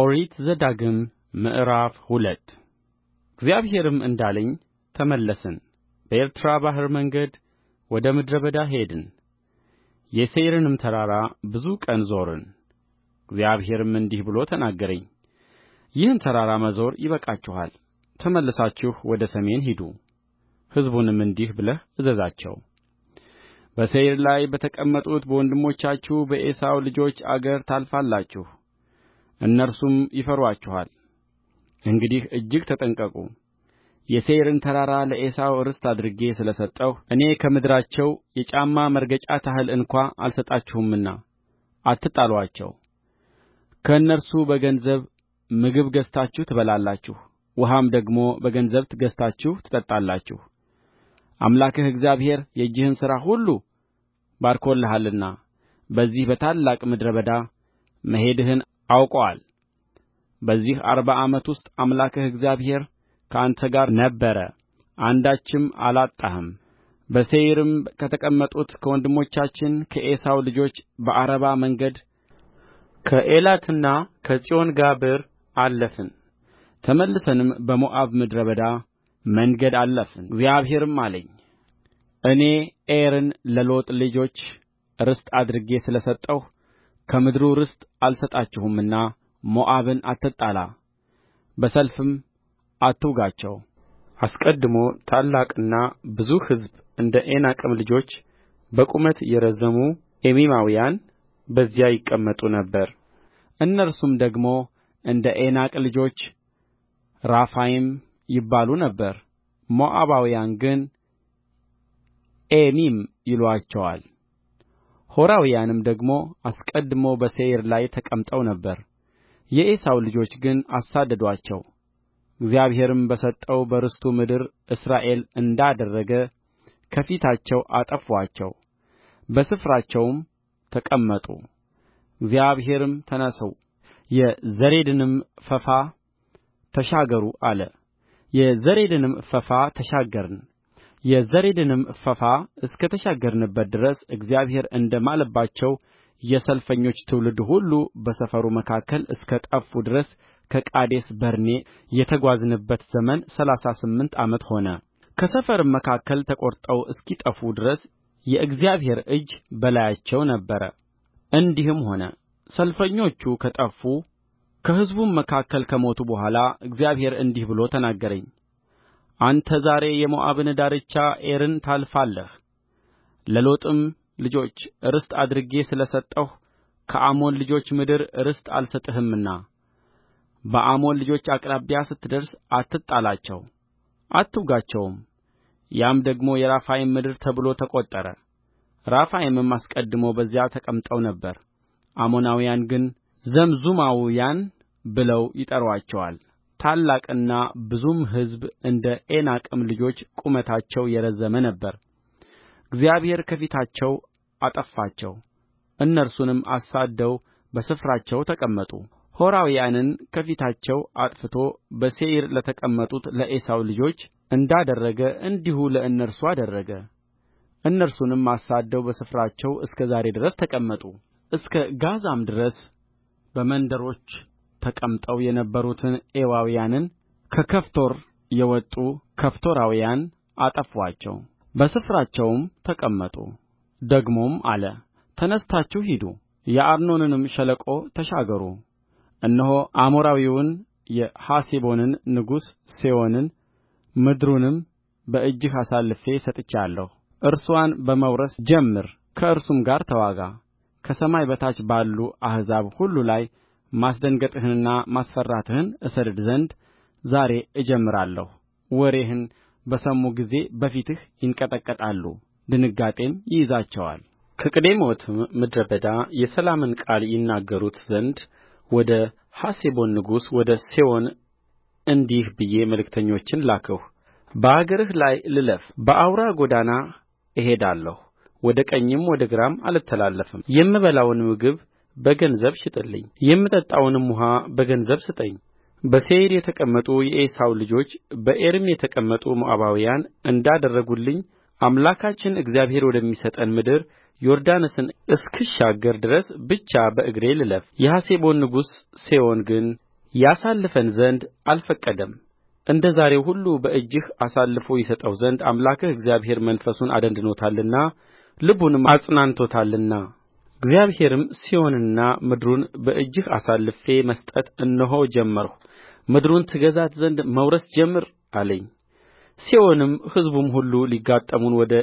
ኦሪት ዘዳግም ምዕራፍ ሁለት እግዚአብሔርም እንዳለኝ ተመለስን በኤርትራ ባሕር መንገድ ወደ ምድረ በዳ ሄድን የሴይርንም ተራራ ብዙ ቀን ዞርን እግዚአብሔርም እንዲህ ብሎ ተናገረኝ ይህን ተራራ መዞር ይበቃችኋል ተመልሳችሁ ወደ ሰሜን ሂዱ ሕዝቡንም እንዲህ ብለህ እዘዛቸው በሴይር ላይ በተቀመጡት በወንድሞቻችሁ በዔሳው ልጆች አገር ታልፋላችሁ እነርሱም ይፈሩአችኋል እንግዲህ እጅግ ተጠንቀቁ የሴይርን ተራራ ለዔሳው ርስት አድርጌ ስለ ሰጠሁ እኔ ከምድራቸው የጫማ መርገጫ ታህል እንኳ አልሰጣችሁምና አትጣሉአቸው ከእነርሱ በገንዘብ ምግብ ገዝታችሁ ትበላላችሁ ውኃም ደግሞ በገንዘብ ገዝታችሁ ትጠጣላችሁ አምላክህ እግዚአብሔር የእጅህን ሥራ ሁሉ ባርኮልሃልና በዚህ በታላቅ ምድረ በዳ መሄድህን አውቆአል በዚህ አርባ ዓመት ውስጥ አምላክህ እግዚአብሔር ከአንተ ጋር ነበረ አንዳችም አላጣህም በሴይርም ከተቀመጡት ከወንድሞቻችን ከዔሳው ልጆች በዓረባ መንገድ ከኤላትና ጋብር አለፍን ተመልሰንም በሞዓብ ምድረ በዳ መንገድ አለፍን እግዚአብሔርም አለኝ እኔ ኤርን ለሎጥ ልጆች ርስት አድርጌ ስለ ሰጠሁ ከምድሩ ርስት አልሰጣችሁምና ሞዓብን አትጣላ በሰልፍም አትውጋቸው አስቀድሞ ታላቅና ብዙ ሕዝብ እንደ ዔናቅም ልጆች በቁመት የረዘሙ ኤሚማውያን በዚያ ይቀመጡ ነበር እነርሱም ደግሞ እንደ ዔናቅ ልጆች ራፋይም ይባሉ ነበር ሞዓባውያን ግን ኤሚም ይሉአቸዋል ሖራውያንም ደግሞ አስቀድሞ በሴይር ላይ ተቀምጠው ነበር የዔሳው ልጆች ግን አሳደዱአቸው እግዚአብሔርም በሰጠው በርስቱ ምድር እስራኤል እንዳደረገ ከፊታቸው አጠፉአቸው በስፍራቸውም ተቀመጡ እግዚአብሔርም ተነሡ የዘሬድንም ፈፋ ተሻገሩ አለ የዘሬድንም ፈፋ ተሻገርን የዘሬድንም ፈፋ እስከ ተሻገርንበት ድረስ እግዚአብሔር እንደ ማለባቸው የሰልፈኞች ትውልድ ሁሉ በሰፈሩ መካከል እስከ ጠፉ ድረስ ከቃዴስ በርኔ የተጓዝንበት ዘመን ሠላሳ ስምንት ዓመት ሆነ ከሰፈርም መካከል ተቈርጠው እስኪጠፉ ድረስ የእግዚአብሔር እጅ በላያቸው ነበረ እንዲህም ሆነ ሰልፈኞቹ ከጠፉ ከሕዝቡም መካከል ከሞቱ በኋላ እግዚአብሔር እንዲህ ብሎ ተናገረኝ አንተ ዛሬ የሞዓብን ዳርቻ ኤርን ለሎጥም ልጆች ርስት አድርጌ ስለ ሰጠሁ ከአሞን ልጆች ምድር ርስት አልሰጥህምና በአሞን ልጆች አቅራቢያ ስትደርስ አትጣላቸው አትውጋቸውም ያም ደግሞ የራፋይም ምድር ተብሎ ተቈጠረ ራፋይምም አስቀድሞ በዚያ ተቀምጠው ነበር አሞናውያን ግን ዘምዙማውያን ብለው ይጠሩአቸዋል ታላቅና ብዙም ሕዝብ እንደ ዔናቅም ልጆች ቁመታቸው የረዘመ ነበረ እግዚአብሔር ከፊታቸው አጠፋቸው እነርሱንም አሳድደው በስፍራቸው ተቀመጡ ሖራውያንን ከፊታቸው አጥፍቶ በሴይር ለተቀመጡት ለዔሳው ልጆች እንዳደረገ እንዲሁ ለእነርሱ አደረገ እነርሱንም አሳድደው በስፍራቸው እስከ ዛሬ ድረስ ተቀመጡ እስከ ጋዛም ድረስ በመንደሮች ተቀምጠው የነበሩትን ኤዋውያንን ከከፍቶር የወጡ ከፍቶራውያን አጠፉአቸው በስፍራቸውም ተቀመጡ ደግሞም አለ ተነሥታችሁ ሂዱ የአርኖንንም ሸለቆ ተሻገሩ እነሆ አሞራዊውን የሐሴቦንን ንጉሥ ሴዎንን ምድሩንም በእጅህ አሳልፌ ሰጥቼአለሁ። እርስዋን በመውረስ ጀምር ከእርሱም ጋር ተዋጋ ከሰማይ በታች ባሉ አሕዛብ ሁሉ ላይ ማስደንገጥህንና ማስፈራትህን እሰድድ ዘንድ ዛሬ እጀምራለሁ ወሬህን በሰሙ ጊዜ በፊትህ ይንቀጠቀጣሉ ድንጋጤም ከቅዴሞትም ምድረ በዳ የሰላምን ቃል ይናገሩት ዘንድ ወደ ሐሴቦን ንጉሥ ወደ ሴዎን እንዲህ ብዬ መልእክተኞችን ላክሁ። በአገርህ ላይ ልለፍ፣ በአውራ ጎዳና እሄዳለሁ፣ ወደ ቀኝም ወደ ግራም አልተላለፍም። የምበላውን ምግብ በገንዘብ ሽጥልኝ የምጠጣውንም ውኃ በገንዘብ ስጠኝ በሴይር የተቀመጡ የዔሳው ልጆች በዔርም የተቀመጡ ሞዓባውያን እንዳደረጉልኝ አምላካችን እግዚአብሔር ወደሚሰጠን ምድር ዮርዳኖስን እስክሻገር ድረስ ብቻ በእግሬ ልለፍ የሐሴቦን ንጉሥ ሴዎን ግን ያሳልፈን ዘንድ አልፈቀደም እንደ ዛሬው ሁሉ በእጅህ አሳልፎ ይሰጠው ዘንድ አምላክህ እግዚአብሔር መንፈሱን አደንድኖታልና ልቡንም አጽናንቶታልና እግዚአብሔርም ሴዎንንና ምድሩን በእጅህ አሳልፌ መስጠት እነሆ ጀመርሁ ምድሩን ትገዛት ዘንድ መውረስ ጀምር አለኝ ሴዎንም ሕዝቡም ሁሉ ሊጋጠሙን ወደ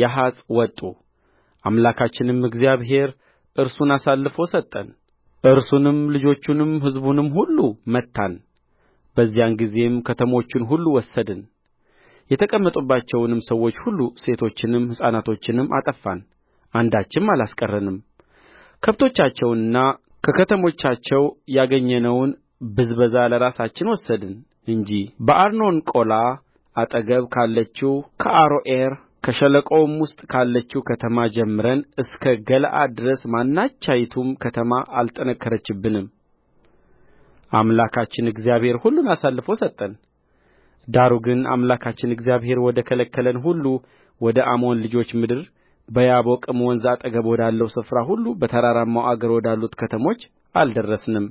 ያሀጽ ወጡ አምላካችንም እግዚአብሔር እርሱን አሳልፎ ሰጠን እርሱንም ልጆቹንም ሕዝቡንም ሁሉ መታን በዚያን ጊዜም ከተሞቹን ሁሉ ወሰድን የተቀመጡባቸውንም ሰዎች ሁሉ ሴቶችንም ሕፃናቶችንም አጠፋን አንዳችም አላስቀረንም ከብቶቻቸውንና ከከተሞቻቸው ያገኘነውን ብዝበዛ ለራሳችን ወሰድን እንጂ በአርኖን ቆላ አጠገብ ካለችው ከአሮዔር ከሸለቆውም ውስጥ ካለችው ከተማ ጀምረን እስከ ገለዓድ ድረስ ማናቸይቱም ከተማ አልጠነከረችብንም አምላካችን እግዚአብሔር ሁሉን አሳልፎ ሰጠን ዳሩ ግን አምላካችን እግዚአብሔር ወደ ከለከለን ሁሉ ወደ አሞን ልጆች ምድር በያቦቅም ወንዝ አጠገብ ወዳለው ስፍራ ሁሉ በተራራማውም አገር ወዳሉት ከተሞች አልደረስንም